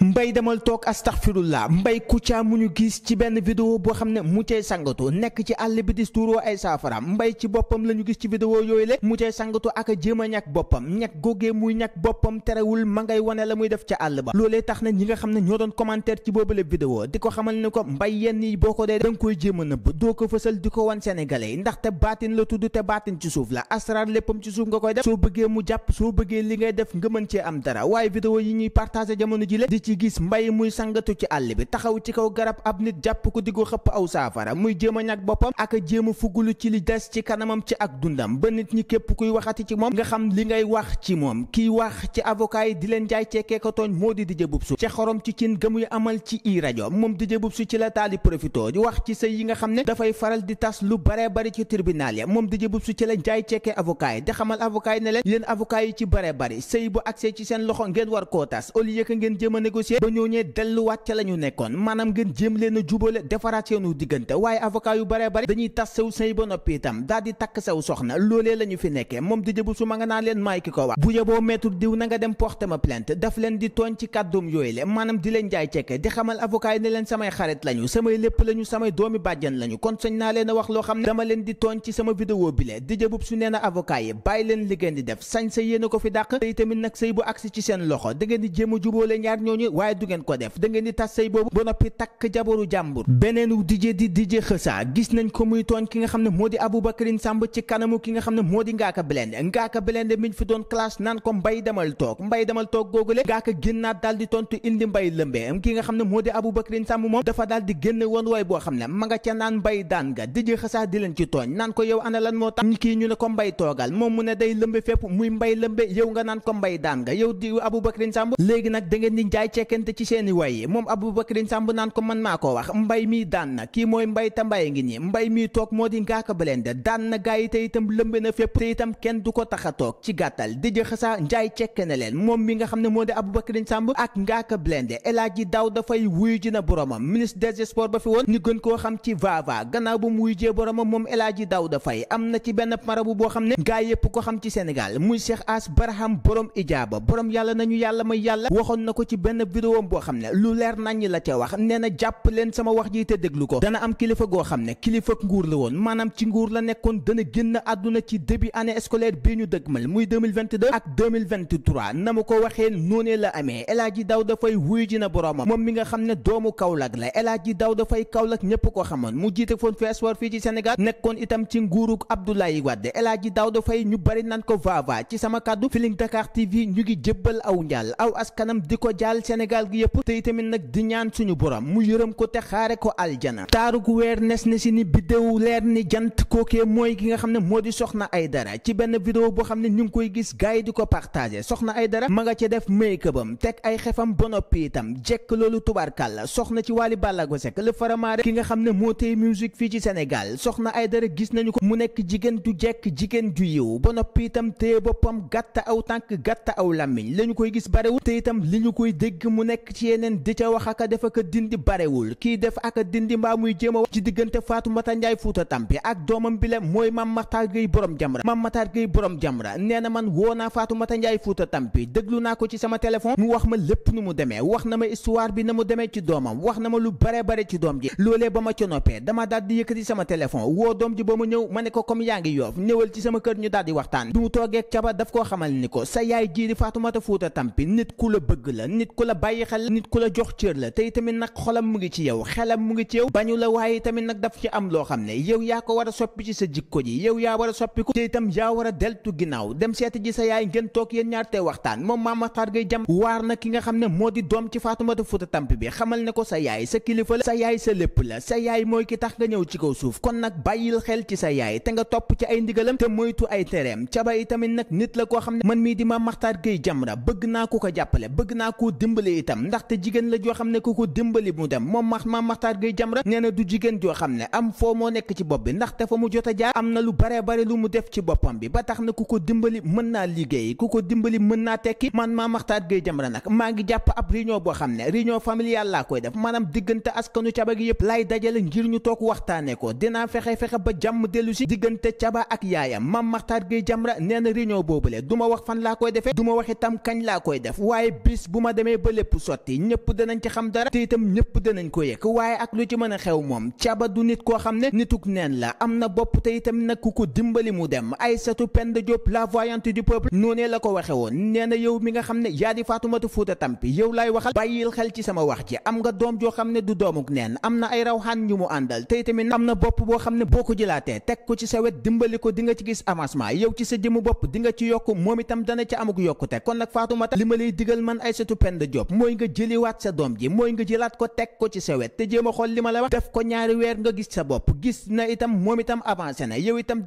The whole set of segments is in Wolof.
mbay demal toog astaxfirullah mbay Kouthia mu ñu gis ci benn vidéo boo xam ne mu cay sangatu nekk ci àll bi di tuuroo ay saafara mbay ci boppam la ñu gis ci vidéo yooyu le mu cay sangatu ak a jéem a ñàkk boppam ñàkk góogee muy ñàkk boppam terewul ma ngay wane la muy def ca àll ba loolee tax na ñi nga xam ne ñoo doon commentaire ci boobale vidéo di ko xamal ne ko mbay yenn yi boo ko dee da nga koy jéem a nëbb doo ko fësal di ko wan sénégalais ndaxte baatin la tudd te baatin ci suuf la asrar léppam ci suuf nga koy def soo bëggee mu jàpp soo bëggee li ngay def nga mën cee am dara yi ñuy jamono ji le di ci gis mbay muy sangatu ci àll bi taxaw ci kaw garab ab nit jàpp ko di ko xëpp aw saafara muy jéem a ñàkk boppam ak a jéem a ci li des ci kanamam ci ak dundam ba nit ñi képp kuy waxati ci moom nga xam li ngay wax ci moom kiy wax ci avocat yi di leen jaay ceekee ko tooñ moo di Dj Boubsou ca xorom ci cin ga amal ci i rajo moom Dj Boubsou ci la taali profito di wax ci sëy yi nga xam ne dafay faral di tas lu bare bari ci tribunal ya moom Dj Boubsou ci la jaay ceekee avocat yi di xamal avocat yi ci bare bari ngeen jéem a négocier ba ñooñee delluwaat ca la ñu nekkoon maanaam ngeen jéem leen a jubale defaraat seenu diggante waaye avocat yu bare bare dañuy tas sew sëy ba noppi itam di takk sew soxna loolee la ñu fi nekkee moom di jëbu su ma nga naa leen maay ki ko wax bu yeboo maître diw na nga dem porte ma plainte leen di tooñ ci kàddum yooyu le maanaam di leen jaay cekke di xamal avocat yi ne leen samay xarit lañu samay lépp lañu samay doomi bàjjan lañu kon sañ naa leen a wax loo xam ne dama leen di di jëbub su nee na avocat yi bàyyi di def sa yéen a ko fi dàq te a jubal boole ñaar ñooñu waaye du ngeen ko def da di tas boobu ba noppi takk jabaru jàmbur beneenu DJ di DJ Xeusa gis nañ ko muy tooñ ki nga xam ne moo di Aboubacarine Samb ci kanamu ki nga xam ne moo di Ngaaka Blindé Ngaaka Blindé miñ fi doon classe naan ko mbay demal toog mbay demal toog googule Ngaaka génnaat daal di tontu nga xam ne moo di Aboubacarine Samb moom dafa daal di génn woon waay boo xam ne ma nga ca naan mbay daan nga DJ Xeusa di leen ci tooñ naan ko yow ana lan moo tax kii ñu ne ko mbay toogal moom mu ne day lëmbe fépp muy mbay lëmbe yow nga naan ko mbay daan nga yow di Aboubacarine Samb léegi nag nag da ngeen di njaay cekkante ci seeni way moom Aboubacrine Samb naan ko man maa ko wax mbay mi daan na kii mooy mbay ta mbay ngi nii mbay mi toog moo di ngaaka balende daan na gaa yi te itam lëmbe na fépp te itam kenn du ko tax a toog ci gàttal di jëxasaa njaay cekke na leen moom mi nga xam ne moo di Aboubacrine Samb ak ngaaka balende El yi Daw dafay wuyu ji na boromam ministre des sports ba fi woon ñu gën koo xam ci vaa vava gannaaw ba mu wuyu jee boromam moom El Hadji Daw dafay am na ci benn marabu boo xam ne gaa yépp ko xam ci Sénégal muy Cheikh As Barham borom ijaaba borom yàlla nañu yàlla may yàlla waxoon na ko ci benn vidéo boo xam ne lu leer naññ la ca wax nee jàpp leen sama wax ji te déglu ko dana am kilifa goo xam ne kilifa nguur la woon maanaam ci nguur la nekkoon dana génn àdduna ci début année scolaire bii ñu dëgmal muy 2022 ak 2023 na ma ko waxee noonee la amee El Hadji Daouda Faye wuyu ji na boroomam moom mi nga xam ne doomu Kaolack la El Hadji Daouda Faye Kaolack ñëpp ko xamoon mu jiite foon feeswar fii ci Sénégal nekkoon itam ci nguuruk Abdoulaye Wade El Hadji Daouda Faye ñu bari nan ko vaava sama kàddu Feeling Dakar TV ñu ngi jébbal aw njaal aw askanam di ko jaal Sénégal gi yëpp te itamit nag di ñaan suñu borom mu yërëm ko te xaare ko aljana taaru gu weer nes na si ni biddéew leer ni jant kookee mooy ki nga xam ne moo di soxna ay dara ci benn vidéo boo xam ne ñu ngi koy gis gars yi di ko partagé soxna ay dara ma nga ci def make-up teg ay xefam ba noppi itam jekk loolu tubaarkàlla soxna ci Wally Ballago Seck le faramaare ki nga xam ne moo tey musique fii ci Sénégal soxna ay dara gis nañu ko mu nekk jigéen ju jekk jigéen ju yiw ba noppi itam téye boppam gàtta aw tànk gàtta aw làmmiñ lañu koy gis li ñu koy dégg mu nekk ci yeneen di ca wax ak a def ak a dindi barewul kii def ak a dindi mbaa muy jéem a wax ci diggante Fatoumata Ndiaye Fouta Tampi ak doomam bi le mooy Mame Matar Gueye borom Jamra Mame Matar Gueye borom Jamra nee na man woo naa Fatoumata Ndiaye Fouta Tampi déglu naa ko ci sama téléphone mu wax ma lépp nu mu demee wax na ma histoire bi na mu demee ci doomam wax na ma lu bare bare ci doom ji loolee ba ma ca noppee dama daal di yëkkati sama téléphone woo doom ji ba mu ñëw ma ne ko comme yaa ngi yoof ñëwal ci sama kër ñu daal di waxtaan bi mu toogee caba daf ni ko bëgg la nit ku la bàyyi xel nit ku la jox cër la te itamit nag xolam mu ngi ci yow xelam mu ngi ci yow bañu la waaye itamit nag daf ci am loo xam ne yow yaa ko war a soppi ci sa jikko ji yow yaa war a soppiku te itam yaa war a deltu ginnaaw dem seeti ji sa yaay ngeen toog yéen ñaar waxtaan moom Mame Makhtar Gueye jam waar na ki nga xam ne moo di doom ci Fatoumata Fouta Tampi bi xamal ne ko sa yaay sa kilifa la sa yaay sa lépp la sa yaay mooy ki tax nga ñëw ci sa yaay te nga topp ci ay ndigalam te moytu ay tereem ca ba itamit nag nit la koo xam ne man mii di Mame Makhtar Gueye Jamra bëgg naa naa koo dimbale itam ndaxte jigéen la joo xam ne ku ko dimbali mu dem moom max maam maxtaar gay jam rek nee na du jigéen joo xam ne am foo moo nekk ci bopp bi ndaxte fa mu jot am na lu bare bare lu mu def ci boppam bi ba na ku ko dimbali mën naa liggéey ku ko dimbali mën naa tekki man maam maxtaar gay jam nag maa ngi jàpp ab réunion boo xam ne réunion familiale laa koy def maanaam diggante askanu caba gi yëpp laay dajale ngir ñu toog waxtaane ko dinaa fexe-fexe ba jàmm dellu si diggante caba ak yaayam maam maxtaar gay jamra nee na réunion boobule du ma wax fan laa koy defee du ma wax itam kañ laa koy def waaye bis bis bu ma demee ba lépp sotti ñëpp danañ ci xam dara te itam ñëpp danañ ko yëg waaye ak lu ci mën a xew moom caba du nit koo xam ne nituk neen la am na bopp te itam na ku ko dimbali mu dem ay Aysatu Penda Diop la voyante du peuple noonee la ko waxe woon nee na yow mi nga xam ne yaa di Faatumata Fuuta Tampi yow laay waxal bàyyil xel ci sama wax ci am nga doom joo xam ne du doomuk neen am na ay xan ñu mu àndal te itamit am na bopp boo xam ne boo ko jëlaatee teg ko ci sa dimbali ko di nga ci gis avancement yow ci sa jëmu bopp di ci yokk moom itam dana ci amuk yokkute kon Aïssatou Penda ko teg ko ci sa wet te jéem a xool li ma la nga gis sa na itam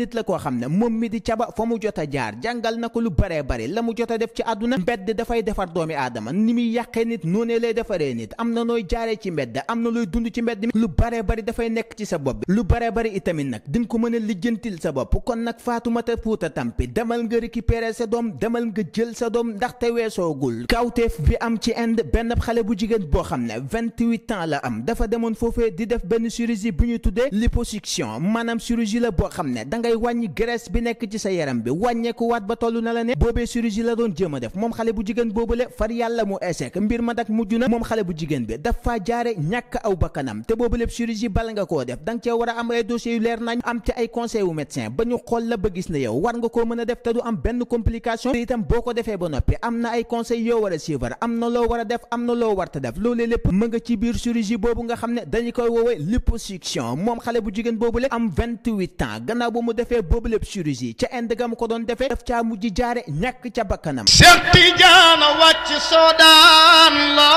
nit la koo xam ne moom mi di caba fa mu na ko lu baree bari la mu jot def ci àdduna mbedd dafay defar doomi aadama ni muy yàqee nit noonee lay defaree nit am na nooy jaaree ci mbedd am na looy dund ci mbedd mi lu baree bari dafay nekk ci sa bopp bi lu baree bari itamit nag di ko mën a lijjantil sa bopp kon nag Fatoumata a Tampi demal nga récupérer sa doom demal nga jël sa doom ndaxte weesu weesoogul kawteef bi am ci Inde benn xale bu jigéen boo xam ne vingt-huit ans la am dafa demoon foofee di def benn chirurgie bu ñu tuddee liposuction maanaam chirurgie la boo xam ne dangay wàññi graisse bi nekk ci sa yaram bi wàññeeku waat ba tollu na la ne boobee chirurgie la doon jéem a def moom xale bu jigéen boobu boobule far yàlla mu échec mbir ma dak mujj na moom xale bu jigéen bi dafa jaare ñàkk aw bakkanam te boobu lépp chirurgie bala nga koo def danga cee war a am ay leer nañ am ci ay conseil wu médecin ba ñu xool la ba gis na yow war nga mën a def am benn complication te itam boo ko defee ba noppi conseil yoo war a suivre am na loo war a def am na loo war ta def loolee lépp mën nga ci biir chirurgie boobu nga xam ne dañu koy woowee liposuction moom xale bu jigéen boobu boobule am 28 ans gannaaw bu mu defee boobu lépp chirurgie ca Inde ga mu ko doon defee daf caa mujj jaare ñàkk ca bakkanam Cheikh a wàcc soodaan la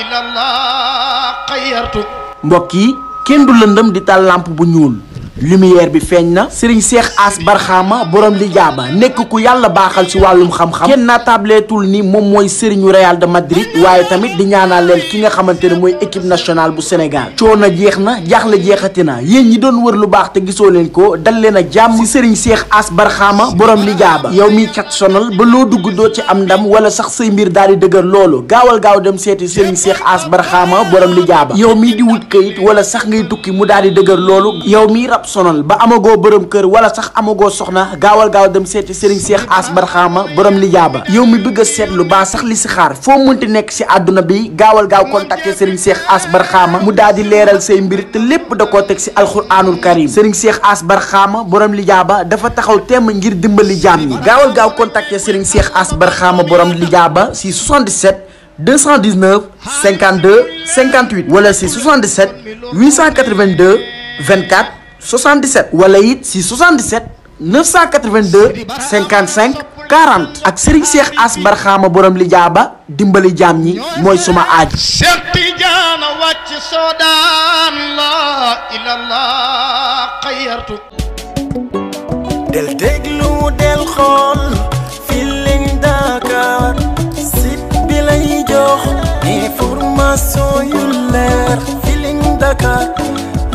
ilallah xayartu mbokk yi kenn du lëndëm di taal lamp bu ñuul lumière bi feeñ na sëriñ seex as barxaama borom li jaaba nekk ku yàlla baaxal ci wàllum xam-xam kenn naa tableetul ni moom mooy sëriñu Real de Madrid waaye tamit di ñaanal leen ki nga xamante ne mooy équipe national bu Sénégal coono jeex na jaaxle jeexati na yéen ñi doon wër lu baax te gisoo leen ko dal leen a jàmm ci sëriñ seex as barxaama borom li jaaba yow miy caq sonal ba loo dugg doo ci am ndam wala sax say mbir daal di dëgër loolu gaawal gaaw dem seeti sëriñ seex as barxaama borom li jaaba yow mii di wut wala sax ngay tukki mu daal di dëgër loolu ab ba amagoo borom kër wala sax amagoo soxna gaawal gaaw dem seeti Serigne Cheikh Ass Barxaama borom ba yow mi bëgg a seetlu baa sax li si xaar foo mun ti nekk si àdduna bi gaawal gaaw contacter Serigne Cheikh Ass Barxaama mu daal di leeral say mbir lépp koo teg si alxuraanul karim Serigne Cheikh Ass Barxaama borom lijaaba dafa taxaw temm ngir dimbali jaam yi gaawal gaaw contacter Serigne Cheikh Ass Barxaama borom lijaaba si 77 219 52 58 wala si 77 882 24 77 wala it si 77 982 55 40 ak Serigne Cheikh As Barxaama borom li jaaba dimbali jaam ñi mooy suma aaj Cheikh Tidiane wàcc soodaan la ilallah xayartu